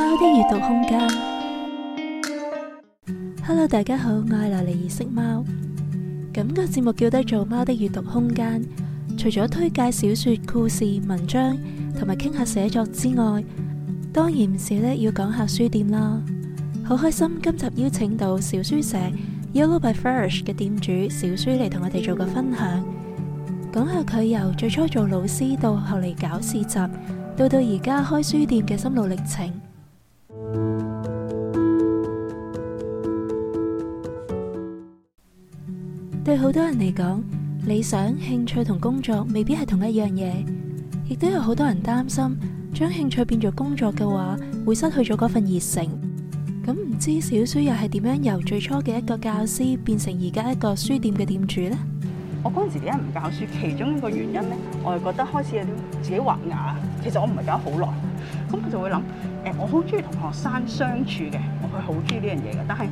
貓的閱讀空間，Hello，大家好，我係琉璃異色貓。咁，個節目叫得做貓的閱讀空間，除咗推介小說、故事、文章同埋傾下寫作之外，當然唔少得要講下書店啦。好開心今集邀請到小書舍 YOLO by Fairish 嘅店主小書嚟同我哋做個分享，講下佢由最初做老師到後嚟搞市集，到到而家開書店嘅心路歷程。對好多人嚟講，理想、興趣同工作未必係同一樣嘢，亦都有好多人擔心將興趣變做工作嘅話，會失去咗嗰份熱誠。咁唔知小書又係點樣由最初嘅一個教師變成而家一個書店嘅店主呢？我嗰陣時點解唔教書？其中一個原因呢，我係覺得開始有啲自己畫牙，其實我唔係教好耐。咁我就會諗，誒，我好中意同學生相處嘅，我係好中意呢樣嘢嘅，但係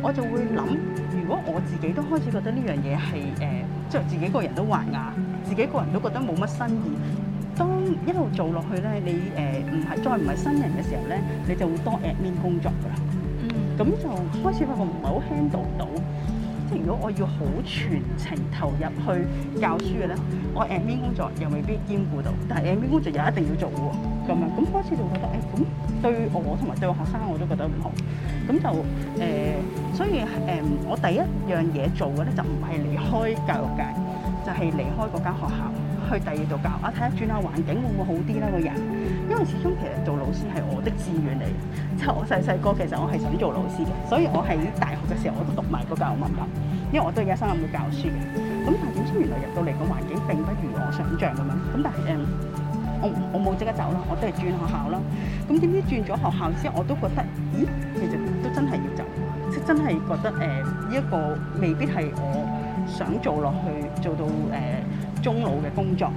我就會諗。如果我自己都開始覺得呢樣嘢係誒，即、呃、係自己個人都滑牙，自己個人都覺得冇乜新意。當一路做落去咧，你誒唔係再唔係新人嘅時候咧，你就會多 admin 工作㗎啦。嗯，咁就開始發覺唔係好 handle 到。即係如果我要好全程投入去教書嘅咧，我 admin 工作又未必兼顧到。但係 admin 工作又一定要做喎。咁樣咁開始就覺得誒，咁、欸、對我同埋對學生我都覺得唔好。咁就誒、呃，所以誒、呃，我第一樣嘢做嘅咧就唔係離開教育界，就係、是、離開嗰間學校去第二度教。我睇下轉下環境會唔會好啲咧個人，因為始終其實做老師係我的志願嚟。即係我細細個其實我係想做老師嘅，所以我喺大學嘅時候我都讀埋個教育文憑，因為我都係一生諗會教書嘅。咁但係點知原來入到嚟個環境並不如我想像咁樣。咁但係誒、呃，我我冇即刻走啦，我都係轉學校啦。咁點知轉咗學校之後，我都覺得咦，其實～真係覺得誒，呢、呃、一個未必係我想做落去做到誒、呃、中老嘅工作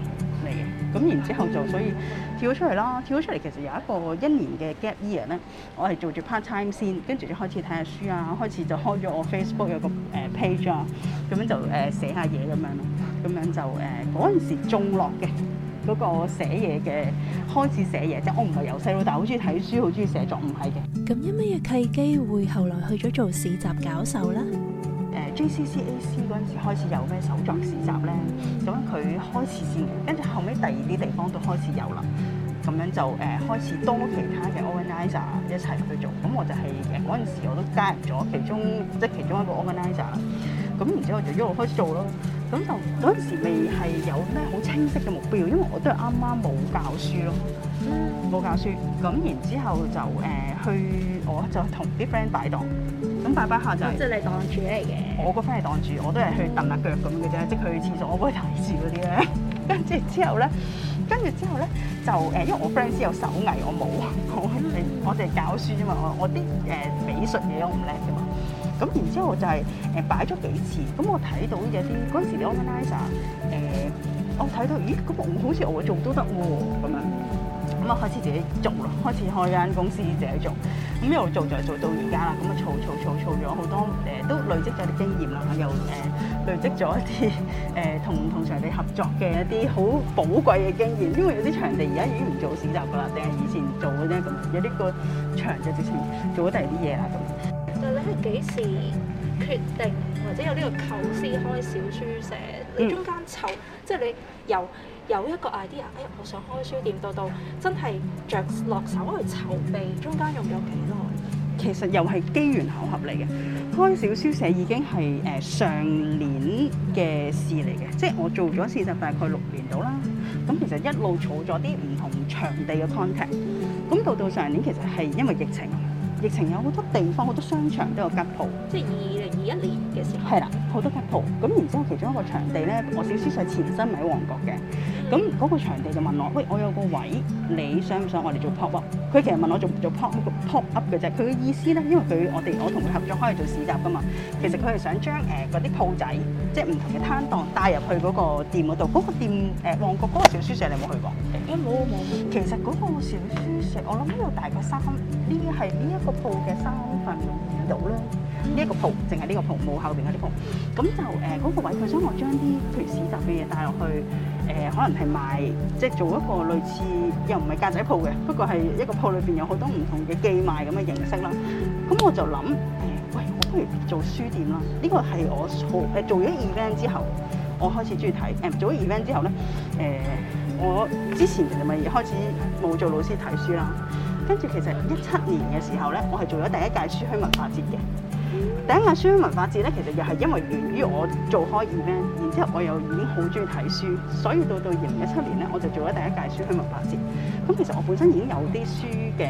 嚟嘅。咁然之後就所以跳咗出嚟啦，跳咗出嚟其實有一個一年嘅 gap year 咧，我係做住 part time 先，跟住就開始睇下書啊，開始就開咗我 Facebook 有個誒 page 啊，咁樣就誒寫下嘢咁樣咯，咁樣就誒嗰陣時中落嘅。嗰個寫嘢嘅開始寫嘢，即係我唔係由細到大，好中意睇書，好中意寫作，唔係嘅。咁因咩契機會後來去咗做市集搞手咧？誒、呃、JCCAC 嗰陣時開始有咩手作市集咧，咁佢開始先，跟住後尾第二啲地方都開始有啦。咁樣就誒、呃、開始多其他嘅 organizer 一齊去做，咁我就係誒嗰陣時我都加入咗其中即係、就是、其中一個 organizer，咁然之後就一路開始做咯。咁就嗰陣時未係有咩好清晰嘅目標，因為我都係啱啱冇教書咯，冇教書。咁、嗯、然之後，後就誒、呃、去，我就同啲 friend 擺檔。咁擺擺下就是，跟住你檔主嚟嘅。我個 friend 係檔主，我都係去蹬下腳咁嘅啫，嗯、即係去廁所我幫佢提住嗰啲啦。跟住之後咧，跟住之後咧就誒、呃，因為我 friend 先有手藝，我冇。我、嗯、我哋教書啫嘛，我我啲誒美術嘢都唔叻嘛。咁然之後就係誒擺咗幾次，咁我睇到有啲嗰陣時啲 organizer 誒，我睇到咦，咁好似我做都得喎咁樣，咁啊開始自己做啦，開始開間公司自己做，咁又做就做到而家啦，咁啊做做做做咗好多誒，都累積咗啲經驗啦，又誒累積咗一啲誒同同場地合作嘅一啲好寶貴嘅經驗，因為有啲場地而家已經唔做市集噶啦，定係以前做嘅咧咁，有啲個場就直情做咗第二啲嘢啦咁。你係幾時決定或者有呢個構思開小書舍？嗯、你中間籌，即係你由有一個 idea，誒、哎，我想開書店到到真係著落手去籌備，中間用咗幾耐？其實又係機緣巧合嚟嘅，開小書舍已經係誒上年嘅事嚟嘅，即係我做咗事實大概六年到啦。咁其實一路儲咗啲唔同場地嘅 contact，咁到到上年其實係因為疫情。疫情有好多地方，好多商場都有吉鋪，即係二零二一年嘅時候，係啦，好多吉鋪。咁然之後，其中一個場地咧，嗯、我小書舍前身喺旺角嘅，咁嗰、嗯、個場地就問我，喂，我有個位，你想唔想我哋做 pop up？佢其實問我做唔做 pop up 嘅啫。佢嘅意思咧，因為佢我哋我同佢合作開去做市集㗎嘛，其實佢係想將誒嗰啲鋪仔，即係唔同嘅攤檔帶入去嗰個店嗰度。嗰、嗰個店誒、呃、旺角嗰個小書舍，你有冇去過？啊冇冇，其實嗰個小書舍，我諗呢度大概三，呢係呢一個鋪嘅三分唔到啦。呢一個鋪淨係呢個鋪，冇後邊嗰啲鋪。咁就誒嗰個位，佢想我將啲譬如市集嘅嘢帶落去，誒可能係賣，即係做一個類似又唔係格仔鋪嘅，不過係一個鋪裏邊有好多唔同嘅寄賣咁嘅形式啦。咁我就諗，誒喂，我不如做書店啦。呢個係我好誒做咗 event 之後，我開始鍾意睇誒做咗 event 之後咧誒。我之前其實咪開始冇做老師睇書啦，跟住其實一七年嘅時候咧，我係做咗第一屆書香文化節嘅。第一屆書香文化節咧，其實又係因為源於我做開 event，然之後我又已經好中意睇書，所以到到二零一七年咧，我就做咗第一屆書香文化節。咁其實我本身已經有啲書嘅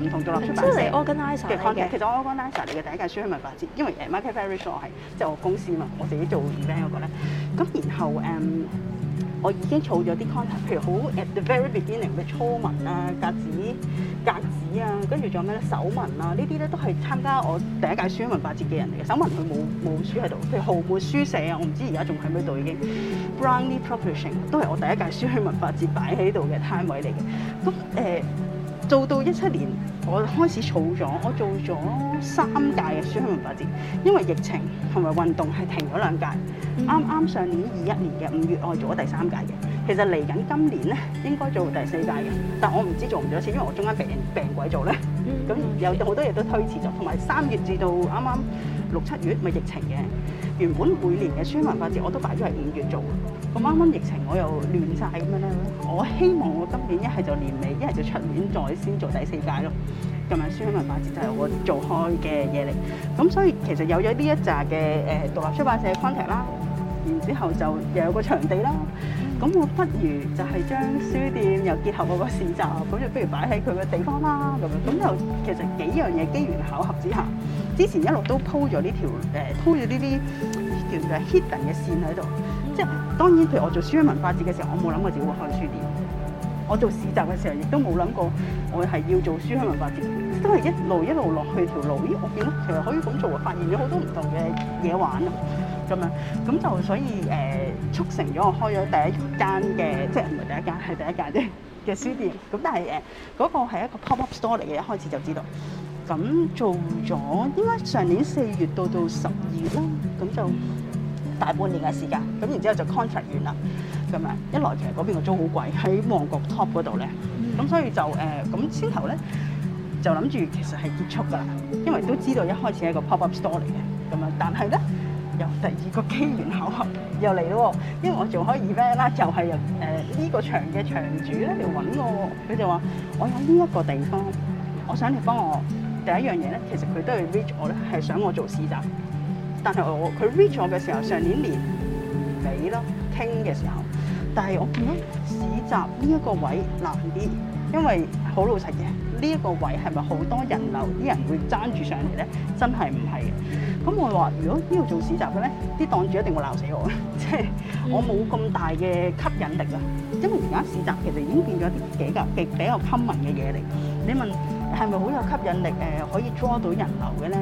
誒唔同獨立出版社嘅，其實我 organisation 嘅。其實 organisation 嚟嘅第一屆書香文化節，因為，uh, Market Fairish 我係即係我公司啊嘛，我自己做 event 嗰個咧。咁然後誒。Um, 我已經儲咗啲 content，譬如好 at the very beginning 嘅初文啊、格子格子啊，跟住仲有咩咧？手文啊，呢啲咧都係參加我第一屆書香文化節嘅人嚟嘅。手文佢冇冇書喺度，譬如豪門書寫啊，我唔知而家仲喺咩度已經。Brownie Publishing 都係我第一屆書香文化節擺喺度嘅攤位嚟嘅。咁誒、呃、做到一七年。我開始儲咗，我做咗三屆嘅書香文化節，因為疫情同埋運動係停咗兩屆，啱啱上年二一年嘅五月我做咗第三屆嘅，其實嚟緊今年咧應該做第四屆嘅，但我唔知做唔做得切，因為我中間病病鬼做咧，咁有好多嘢都推遲咗，同埋三月至到啱啱六七月咪疫情嘅。原本每年嘅書香文化節我都擺咗係五月做，咁啱啱疫情我又亂晒咁樣咧。我希望我今年一係就年尾，一係就出年再先做第四屆咯。咁樣書香文化節就係我做開嘅嘢嚟。咁、嗯、所以其實有咗呢一紮嘅誒獨立出版社嘅 contact 啦，然之後就又有個場地啦。咁我不如就係將書店又結合嗰個市集，咁就不如擺喺佢嘅地方啦。咁樣咁就其實幾樣嘢機緣巧合之下，之前一路都鋪咗呢條誒、呃、鋪咗呢啲叫嘅 hidden 嘅線喺度。即係當然，譬如我做書香文化節嘅時候，我冇諗過要開書店。我做市集嘅時候，亦都冇諗過我係要做書香文化節。都係一路一路落去條路，咦！我見到其實可以咁做啊！發現咗好多唔同嘅嘢玩啊！咁樣，咁就所以誒、呃，促成咗我開咗第一間嘅，即係唔係第一間係第一間啫嘅 書店。咁但係誒，嗰、呃嗰個係一個 pop up store 嚟嘅，一開始就知道。咁做咗應該上年四月到到十二月啦，咁就大半年嘅時間。咁然之後就 contract 完啦，咁啊一來其實嗰邊嘅租好貴，喺旺角 top 嗰度咧，咁所以就誒咁、呃、先頭咧就諗住其實係結束㗎喇，因為都知道一開始係一個 pop up store 嚟嘅咁樣，但係咧。又第二個機緣巧合又嚟咯，因為我做開 event 啦，就係由誒呢個場嘅場主咧嚟揾我，佢就話：我有呢一個地方，我想你幫我。第一樣嘢咧，其實佢都係 reach 我咧，係想我做市集。但係我佢 reach 我嘅時候，嗯、上年年尾咯傾嘅時候，但係我見到市集呢一個位難啲，因為好老實嘅呢一個位係咪好多人流啲人會爭住上嚟咧？真係唔係。咁我話：如果呢度做市集嘅咧，啲檔主一定會鬧死我， 即係我冇咁大嘅吸引力啊。因為而家市集其實已經變咗啲幾個比較 common 嘅嘢嚟。你問係咪好有吸引力？誒、呃，可以 draw 到人流嘅咧？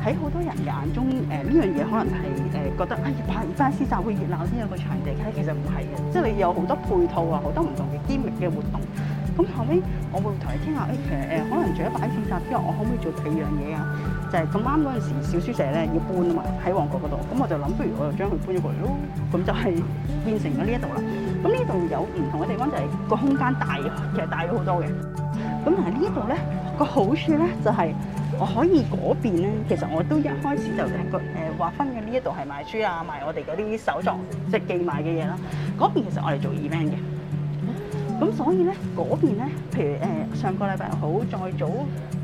喺好多人嘅眼中，誒呢樣嘢可能係誒、呃、覺得，哎呀，擺、啊、翻市集會熱鬧」，先有個場地嘅，其實唔係嘅，即係你有好多配套啊，好多唔同嘅兼營嘅活動。咁後尾我會同你傾下，誒、欸、其實誒可能除咗擺設之外，我可唔可以做第二樣嘢啊？就係咁啱嗰陣時，小書舍咧要搬啊嘛，喺旺角嗰度。咁我就諗，不如我就將佢搬咗過嚟咯。咁就係變成咗呢一度啦。咁呢度有唔同嘅地方就係、是、個空間大，其實大咗好多嘅。咁但係呢度咧個好處咧就係、是、我可以嗰邊咧，其實我都一開始就個誒、呃、劃分嘅呢一度係賣書啊，賣我哋嗰啲手作即係、就是、寄賣嘅嘢啦。嗰邊其實我哋做 event 嘅。咁所以咧，嗰邊咧，譬如誒上個禮拜好，再早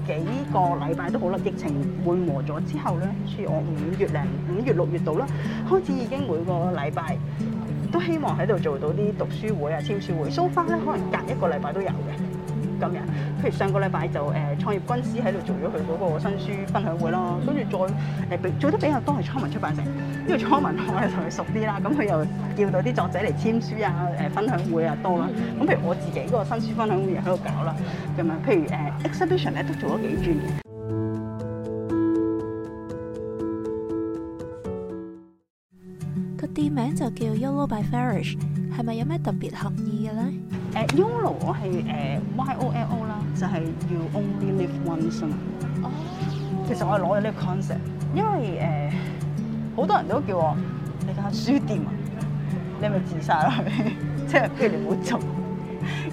幾個禮拜都好啦。疫情緩和咗之後咧，似我五月零五月六月度啦，開始已經每個禮拜都希望喺度做到啲讀書會啊、簽書會。So far 咧，可能隔一個禮拜都有嘅。今日，譬如上個禮拜就誒創業軍師喺度做咗佢嗰個新書分享會啦，跟住再誒做得比較多係初文出版社，因為初文我係同佢熟啲啦，咁佢又叫到啲作者嚟簽書啊、誒分享會啊多啦，咁譬如我自己嗰個新書分享會喺度搞啦，咁啊譬如誒 exhibition 咧都做咗幾轉嘅，個 店名就叫 YOLO by Fairish，係咪有咩特別含義嘅咧？誒 YOLO 我係誒 YOLO 啦，就係、uh, y only、uh, you only live once 啊嘛！No, 其實我係攞咗呢個 concept，因為誒好、uh, 多人都叫我呢間書店啊，你咪自殺啦，即係不如唔好做，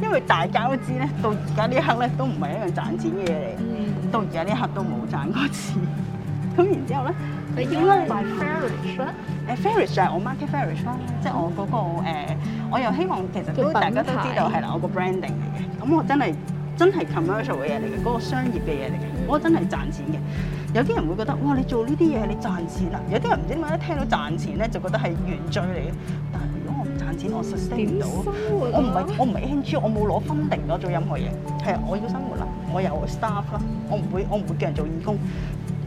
因為大家都知咧，到而家呢一刻咧都唔係一樣賺錢嘅嘢嚟，到而家呢一刻都冇賺過錢，咁 然之後咧。你應該賣 Fairish 啦，誒 Fairish 就係我 market Fairish 啦，即係我嗰個誒，我又希望其實大家都知道係啦，我個 branding 嚟嘅，咁我真係真係 commercial 嘅嘢嚟嘅，嗰個商業嘅嘢嚟嘅，我真係賺錢嘅。有啲人會覺得哇，你做呢啲嘢你賺錢啦，有啲人唔知點解一聽到賺錢咧就覺得係原罪嚟嘅。但係如果我唔賺錢，我 sustain 唔到，我唔係我唔係 NG，我冇攞 funding 攞做任何嘢，係我要生活啦，我有 staff 啦，我唔會我唔會叫人做義工。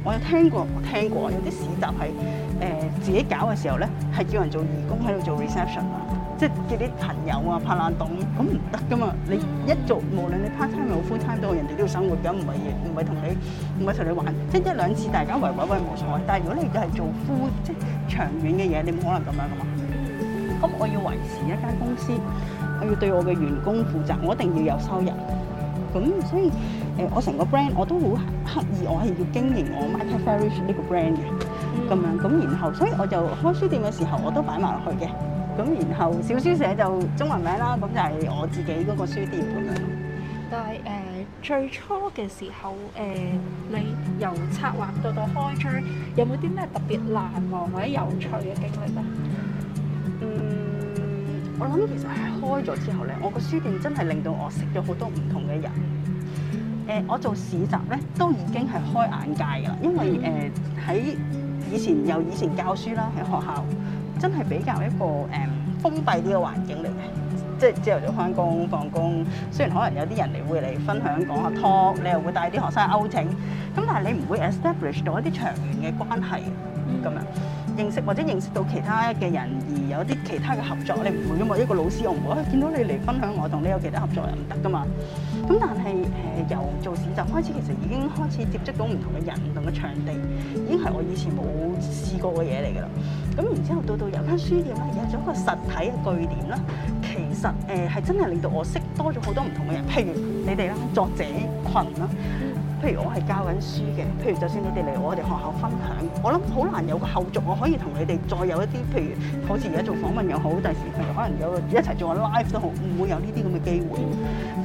我有聽過，我聽過有啲市集係誒、呃、自己搞嘅時候咧，係叫人做義工喺度做 reception 啊，即係叫啲朋友啊拍爛檔，咁唔得噶嘛！你一做，無論你 part time 好 full time 都，人哋都要生活噶，唔係唔係同你唔係同你玩，即係一兩次大家圍圍冇所謂。但係如果你就係做 full 即係長遠嘅嘢，你冇可能咁樣噶嘛。咁我要維持一間公司，我要對我嘅員工負責，我一定要有收入。咁所以。我成個 brand 我都好刻意，我係要經營我 Fairish 呢個 brand 嘅咁樣，咁然後所以我就開書店嘅時候我都擺埋落去嘅，咁、嗯、然後小書舍就中文名啦，咁就係我自己嗰個書店咁樣。嗯、但係誒、呃、最初嘅時候誒、呃，你由策劃到到開張，有冇啲咩特別難忘或者有趣嘅經歷咧？嗯，我諗其實係開咗之後咧，我個書店真係令到我識咗好多唔同嘅人。誒，我做市集咧，都已經係開眼界噶啦，因為誒喺、呃、以前有以前教書啦，喺學校真係比較一個誒、嗯、封閉啲嘅環境嚟嘅，即係朝頭早翻工放工，雖然可能有啲人嚟會嚟分享講下 talk，你又會帶啲學生勾 u 咁，但係你唔會 establish 到一啲長遠嘅關係咁樣，認識或者認識到其他嘅人，而有啲其他嘅合作，你唔會因為一個老師我唔會啊、哎，見到你嚟分享我同你有其他合作又唔得噶嘛，咁但係。由做市集開始，其實已經開始接觸到唔同嘅人、唔同嘅場地，已經係我以前冇試過嘅嘢嚟㗎啦。咁然之後到到有間書店啦，有咗個實體嘅據點啦，其實誒係、呃、真係令到我識多咗好多唔同嘅人，譬如你哋啦，作者群啦。譬如我係教緊書嘅，譬如就算你哋嚟我哋學校分享，我諗好難有個後續，我可以同你哋再有一啲譬如，好似而家做訪問又好，第二可能有一齊做緊 live 都好，唔會有呢啲咁嘅機會。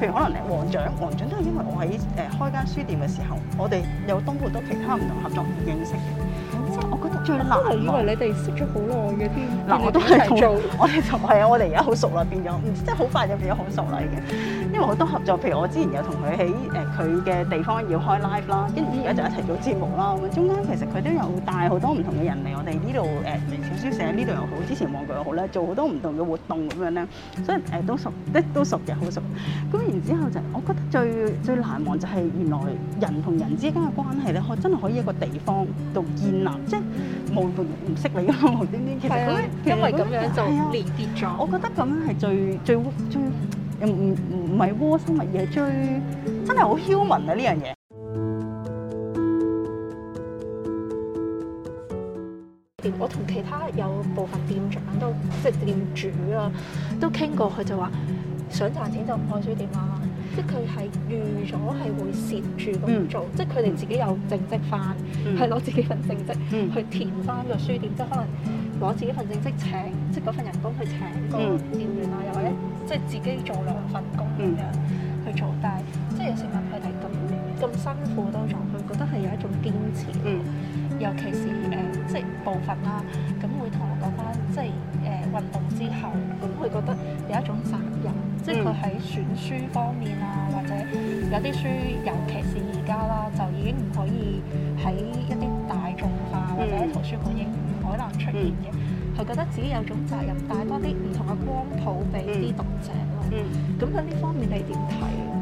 譬如可能黃獎，黃獎都係因為我喺誒開間書店嘅時候，我哋有當好多其他唔同合作而認識嘅。我真係，我覺得最難。都係以為你哋識咗好耐嘅添。嗱，我都係同我哋就係啊，我哋而家好熟啦，變咗，即係好快就變咗好熟啦，已經。因為好多合作，譬如我之前有同佢喺誒佢嘅地方要開 live 啦，跟住而家就一齊做節目啦。咁樣中間其實佢都有帶好多唔同嘅人嚟我哋呢度誒微小書舍呢度又好，之前旺角又好咧，做好多唔同嘅活動咁樣咧，所以誒都熟，都都熟嘅，好熟。咁然之後就我覺得最最難忘就係原來人同人之間嘅關係咧，可真係可以一個地方度建立，即係冇唔識你咯，點點點。其實因為咁樣就連接咗。我覺得咁樣係最最最唔唔唔。唔係窩心物嘢最真係好 human 啊！呢樣嘢，我同其他有部分店長都即係店主啦、啊，都傾過，佢就話想賺錢就唔開書店啊！即係佢係預咗係會蝕住咁做，嗯、即係佢哋自己有正職翻，係攞、嗯、自己份正職去填翻個書店，嗯、即係可能攞自己份正職請，嗯、即係嗰份人工去請個店員啊，又或者。即係自己做兩份工咁樣去做，嗯、但係即係有時問佢哋咁咁辛苦都做，佢覺得係有一種堅持。嗯、尤其是誒、呃，即係部分啦，咁、啊、會同我講返，即係誒、呃、運動之後，咁佢覺得有一種責任，嗯、即係佢喺選書方面啊，或者有啲書，尤其是而家啦，就已經唔可以喺一啲大眾化或者圖書館亦唔可能出現嘅。嗯嗯嗯佢覺得自己有種責任，嗯、帶多啲唔同嘅光譜俾啲讀者咯。咁喺呢方面你點睇啊？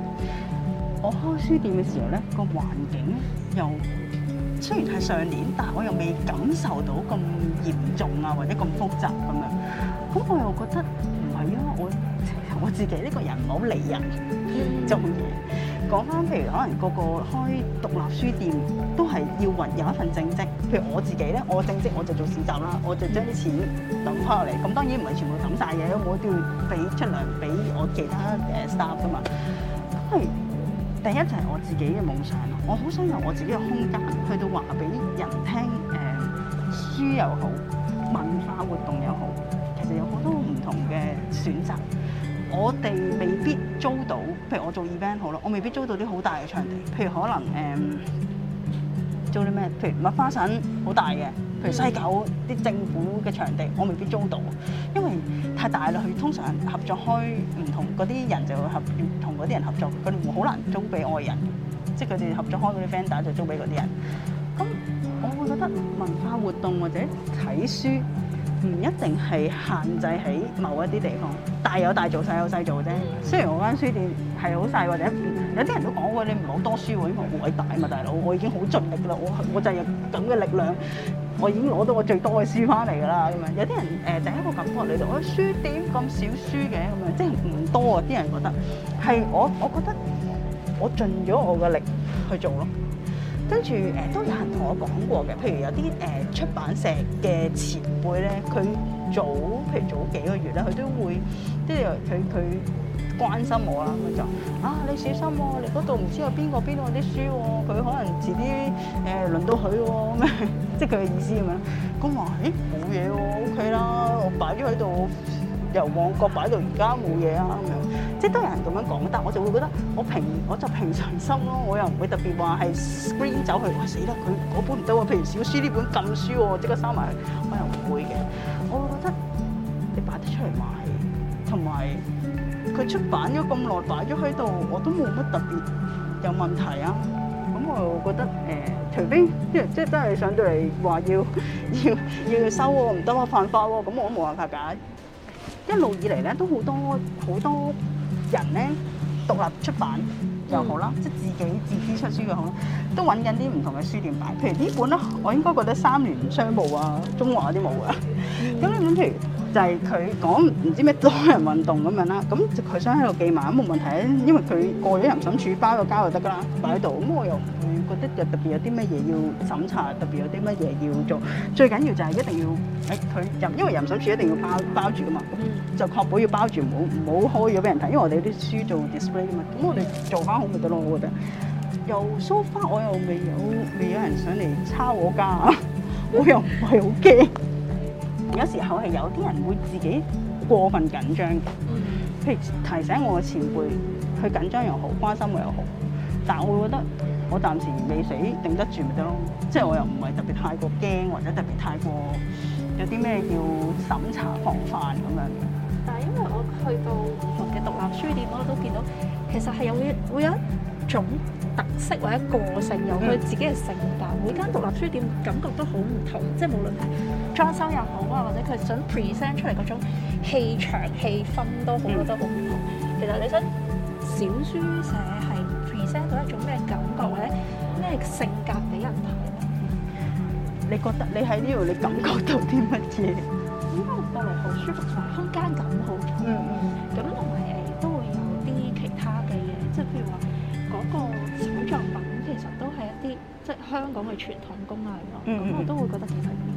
我開書店嘅時候咧，個環境又雖然係上年，但係我又未感受到咁嚴重啊，或者咁複雜咁樣。咁我又覺得唔係、嗯、啊，我我自己呢個人唔好理人中意。嗯講翻譬如可能個個開獨立書店都係要揾有一份正職，譬如我自己咧，我正職我就做市集啦，我就將啲錢揼翻落嚟。咁當然唔係全部揼晒嘢，我都要俾出糧俾我其他誒 staff 噶嘛。因為第一就係我自己嘅夢想，我好想由我自己嘅空間去到話俾人聽誒、呃、書又好，文化活動又好，其實有好多唔同嘅選擇。我哋未必租到，譬如我做 event 好咯，我未必租到啲好大嘅場地，譬如可能誒、嗯、租啲咩，譬如麥花臣好大嘅，譬如西九啲政府嘅場地，我未必租到，因為太大啦。佢通常合作開唔同嗰啲人就會合同嗰啲人合作，佢哋好難租俾外人，即係佢哋合作開嗰啲 vendor 就租俾嗰啲人。咁我會覺得文化活動或者睇書。唔一定係限制喺某一啲地方，大有大做，細有細做啫。雖然我間書店係好細或者，有啲人都講過你唔好多書喎，因為好偉大嘛，大佬，我已經好盡力㗎喇，我我就係有咁嘅力量，我已經攞到我最多嘅書翻嚟㗎喇。咁樣有啲人就、呃、第一個感覺嚟到，我書店咁少書嘅，咁樣即係唔多啊。啲人覺得係我，我覺得我盡咗我嘅力去做咯。跟住誒都有人同我講過嘅，譬如有啲誒、呃、出版社嘅前輩咧，佢早譬如早幾個月咧，佢都會即係佢佢關心我啦，佢就啊你小心、啊、你嗰度唔知有邊個邊度啲書，佢可能遲啲誒輪到佢咁樣即係佢嘅意思咁樣我話誒冇嘢，OK 啦，我擺咗喺度，由旺角擺到而家冇嘢啊。即都有人咁樣講，但我就會覺得我平，我就平常心咯。我又唔會特別話係 screen 走去我死啦，佢本唔得喎。譬如小書呢本禁書喎，即刻收埋去，我又唔會嘅。我會覺得你擺得出嚟賣，同埋佢出版咗咁耐，擺咗喺度，我都冇乜特別有問題啊。咁我又覺得誒，除、呃、非即係真係上到嚟話要要要收喎，唔得咯，犯法喎，咁我冇辦法解。一路以嚟咧，都好多好多。人咧，獨立出版又好啦，嗯、即係自己自資出書嘅好啦，都揾緊啲唔同嘅書店擺。譬如呢本啦，我應該覺得三聯、商務啊、中華啲冇啊。咁你諗譬如？就係佢講唔知咩多人運動咁樣啦，咁佢想喺度記埋都冇問題，因為佢過咗人審處包個膠就得噶啦，擺喺度。咁我又唔覺得有特別有啲乜嘢要審查，特別有啲乜嘢要做。最緊要就係一定要誒佢入，因為人審處一定要包包住噶嘛，就確保要包住，唔好唔好開咗俾人睇。因為我哋啲書做 display 噶嘛，咁我哋做翻好咪得咯。我覺得又 so far 我又未有未有人想嚟抄我家，我又唔係好驚。 有時候係有啲人會自己過分緊張嘅，嗯、譬如提醒我嘅前輩，佢、嗯、緊張又好，關心我又好，但我覺得我暫時未死，定得住咪得咯，即係、嗯、我又唔係特別太過驚，或者特別太過、嗯、有啲咩要審查防範咁樣。但係因為我去到我嘅獨立書店，我都見到其實係有會有一種特色或者個性，有佢自己嘅性格，嗯、每間獨立書店感覺都好唔同，即係無論係，裝修又好啊，或者佢想 present 出嚟嗰種氣場、氣氛都好，覺得好唔同。其實你想小書寫係 present 到一種咩感覺或者咩性格俾人睇咧？你覺得你喺呢度你感覺到啲乜嘢？應該嚟講好舒服同埋空間感好重、嗯。咁同埋誒都會有啲其他嘅嘢，即、就、係、是、譬如話嗰個手作品其實都係一啲、嗯、即係香港嘅傳統工藝咯，咁、嗯、我都會覺得其實。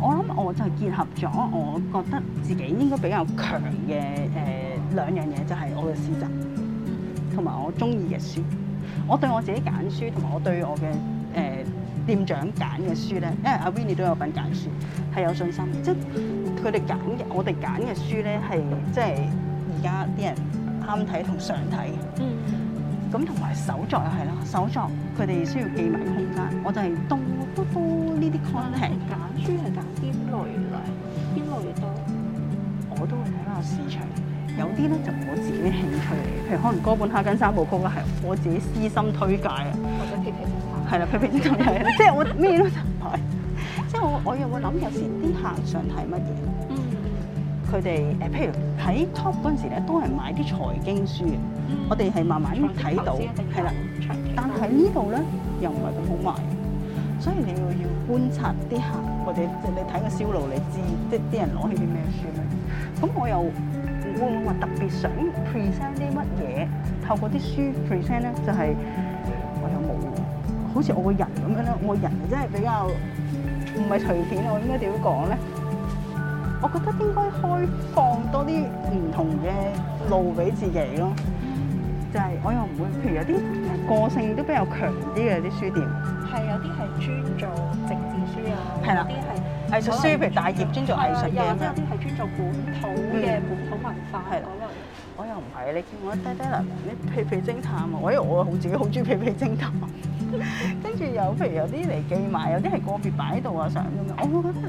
我諗我就結合咗我覺得自己應該比較強嘅誒、呃、兩樣嘢，就係、是、我嘅市集同埋我中意嘅書。我對我自己揀書，同埋我對我嘅誒、呃、店長揀嘅書咧，因為阿 Vinny 都有份揀書，係有信心。就是、即係佢哋揀嘅我哋揀嘅書咧，係即係而家啲人啱睇同常睇。嗯。咁同埋手作係咯，手作佢哋需要寄埋空間，我就係東。啲揀書係揀啲類啦，邊類多我都會睇下市場。有啲咧就我自己興趣，譬如可能哥本哈根三部曲啦，係我自己私心推介啊。我想睇皮皮。係啦， 即係我咩都唔賣即係我，我又會諗，有時啲客想睇乜嘢。嗯。佢哋誒，譬如喺 Top 嗰陣時咧，都係買啲財經書、嗯、我哋係慢慢睇到，係啦、嗯。了但係呢度咧，又唔係咁好賣。嗯嗯。所以你要要觀察啲客，或者你睇個銷路你知，即係啲人攞起啲咩書咧。咁我又會唔會話特別想 present 啲乜嘢？透過啲書 present 咧，就係我有冇。好似我個人咁樣咧，我人真係比較唔係隨便。我應該點講咧？我覺得應該開放多啲唔同嘅路俾自己咯。就係我又唔會，譬如有啲個性都比較強啲嘅啲書店。係有啲係專做政治書啊，係啦的，啲係藝術書，譬如大業專做藝術嘅，又的有啲係專做本土嘅本土文化係啦。的我又唔係，你見我低低嗱，你屁屁偵探啊，哎我啊好自己好中意屁屁偵探，跟住有譬如有啲嚟寄埋，有啲係個別擺喺度啊想咁樣，我會覺得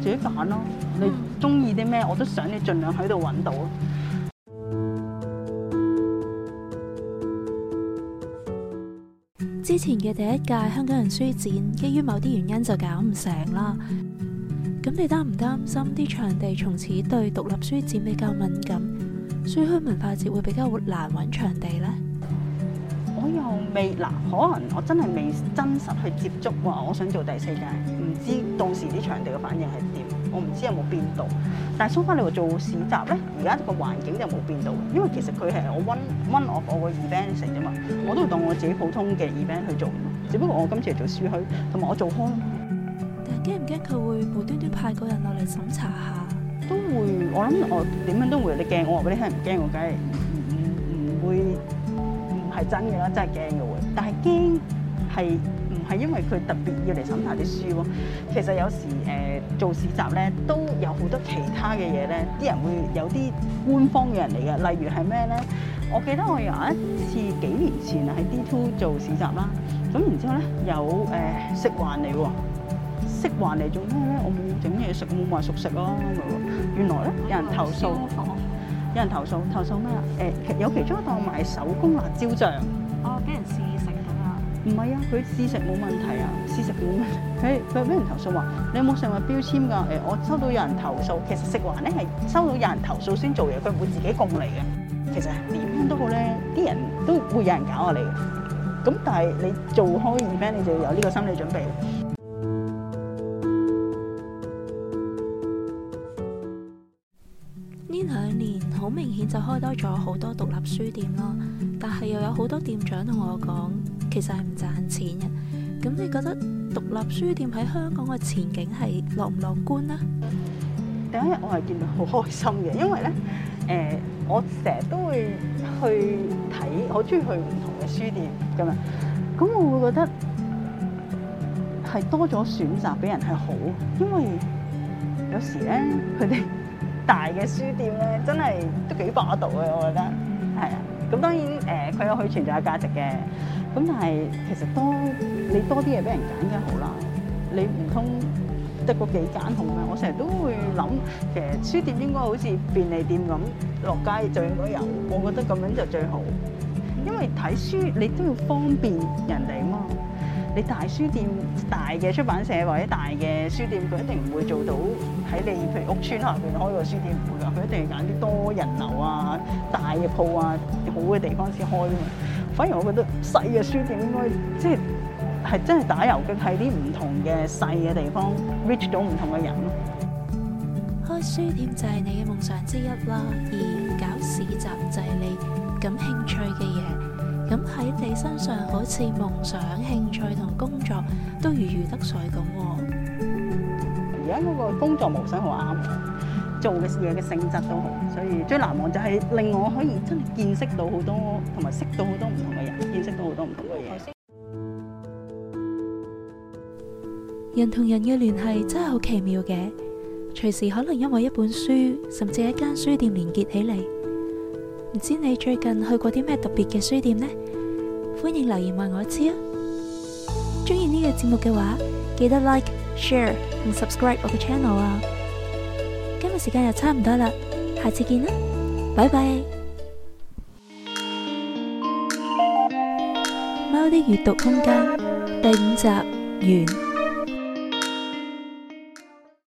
自己揀咯。你中意啲咩我都想你盡量喺度揾到。之前嘅第一屆香港人書展，基於某啲原因就搞唔成啦。咁你擔唔擔心啲場地從此對獨立書展比較敏感，書香文化節會比較難揾場地呢？我又未嗱，可能我真係未真實去接觸話，我想做第四屆，唔知到時啲場地嘅反應係點？我唔知有冇變到，但係相反你話做市集咧，而家個環境就冇變到嘅，因為其實佢係我 one one of 我個 event 成啫嘛，我都會當我自己普通嘅 event 去做，只不過我今次嚟做書墟同埋我做開。但係驚唔驚佢會無端端派個人落嚟審查下？都會，我諗我點樣都會，你驚我話俾你聽唔驚，我梗係唔唔唔會唔係真嘅啦，真係驚嘅會，但係驚係。係因為佢特別要嚟審查啲書喎、哦，其實有時誒、呃、做市集咧都有好多其他嘅嘢咧，啲人會有啲官方嘅人嚟嘅，例如係咩咧？我記得我有一次幾年前啊喺 D Two 做市集啦，咁然之後咧有誒食環嚟喎，食環嚟做咩咧？我冇整嘢食，冇話熟食咯、啊，原來咧有人投訴，有人投訴、啊這個，投訴咩啊？誒、呃、有其中一個賣手工辣椒醬，我俾、哦、人試食。唔係啊，佢試食冇問題啊，試食冇問題。佢佢俾人投訴話，你冇食物標籤㗎。誒、欸，我收到有人投訴，其實食環咧係收到有人投訴先做嘢，佢唔會自己供你嘅。其實點樣都好咧，啲人都會有人搞下你嘅。咁但係你做開 event，你就要有呢個心理準備。呢兩年好明顯就開多咗好多獨立書店咯，但係又有好多店長同我講。其實係唔賺錢嘅，咁你覺得獨立書店喺香港嘅前景係樂唔樂觀咧？第一日我係見到好開心嘅，因為咧，誒、呃，我成日都會去睇，好中意去唔同嘅書店㗎嘛。咁我會覺得係、呃、多咗選擇俾人係好，因為有時咧佢哋大嘅書店咧真係都幾霸道嘅，我覺得係啊。咁當然誒，佢、呃、有佢存在嘅價值嘅。咁但係其實多你多啲嘢俾人揀梗好啦，你唔通得個幾間好咩？我成日都會諗，其實書店應該好似便利店咁落街就應該有。我覺得咁樣就最好。因為睇書你都要方便人哋嘛。你大書店、大嘅出版社或者大嘅書店，佢一定唔會做到喺你譬如屋邨入邊開個書店唔會話，佢一定揀啲多人流啊、大嘅鋪啊、好嘅地方先開啊嘛。反而我覺得細嘅書店應該即係真係打遊擊，喺啲唔同嘅細嘅地方 reach 到唔同嘅人咯。開書店就係你嘅夢想之一啦，而搞市集就係你感興趣嘅嘢。咁喺你身上，好似夢想、興趣同工作都如魚得水咁。而家嗰個工作模式好啱。做嘅嘢嘅性質都好，所以最難忘就係令我可以真係見識到好多，同埋識到好多唔同嘅人，見識到好多唔同嘅嘢。人同人嘅聯繫真係好奇妙嘅，隨時可能因為一本書，甚至一間書店連結起嚟。唔知你最近去過啲咩特別嘅書店呢？歡迎留言話我知啊！中意呢個節目嘅話，記得 like、share 同 subscribe 我嘅 channel 啊！今日時間又差唔多喇，下次見啦，拜拜。貓的閱讀空間第五集完。